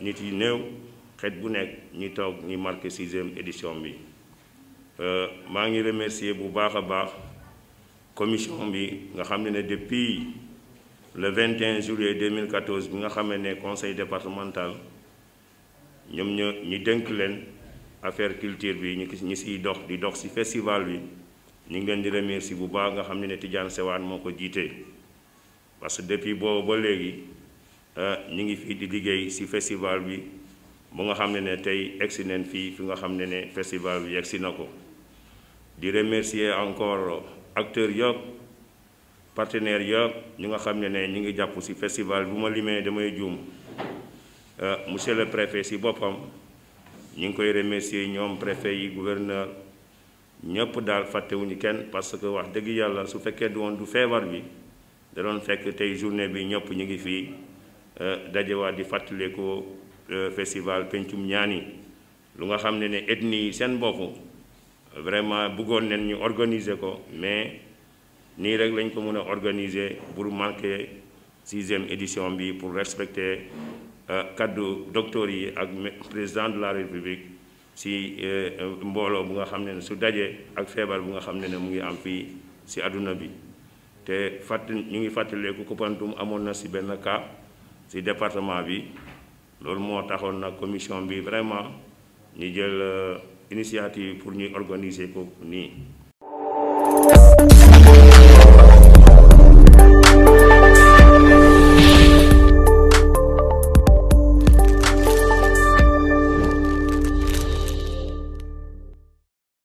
nit yi néew xet bu nekk ni toog ñi marqué sixième édition bi euh, maa ngi remercier bu baax a baax commission bi nga xam ne ne depuis le 21 juillet 2014 bi nga xam ne conseil départemental ñoom ñu ñi dénk leen affaire culture bi ñu gis ñi siy dox di dox si festival bi ñu ngi leen di remercier bu baax nga xam ne ne Tidiane Sewaan moo ko jiite parce que depuis boobu ba léegi. Euh, ñu ngi fii di liggéey si festival bi bu nga xam ne ne tey egsi neen fii fi nga xam ne ne festival bi egsi na ko di remercier encore acteur yoog partenaires yoog ñu nga xam ne ne ñu ngi jàpp si festival bu ma limee damay juum euh, monsieur le préfet si boppam ñu ngi koy remercier ñoom préfet yi gouverneur ñëpp daal fàttewuñu kenn parce que wax dëgg yàlla su fekkee du woon du feebar bi da doon fekk tey journée bi ñëpp ñu ngi fii Eh, dajewaat di fàttaliku eh, festival pencum ñaani lu nga xam ne ne ethnie yi seen bopp vraiment bëggoon nañ ñu organiser ko mais nii rek lañ ko mën a organiser pour marquer sixième édition bi pour respecter eh, kaddu docteur yi ak président de la république si mbooloo bu nga xam ne su dajee ak feebar bu nga xam ne ngi am fii si adunabi. bi te fàtt ñu ngi ko Koumpentoum amoon na si benn cas si département bi loolu moo taxoon nag commission bi vraiment ñu jël euh, initiative pour ñuy organiser ko nii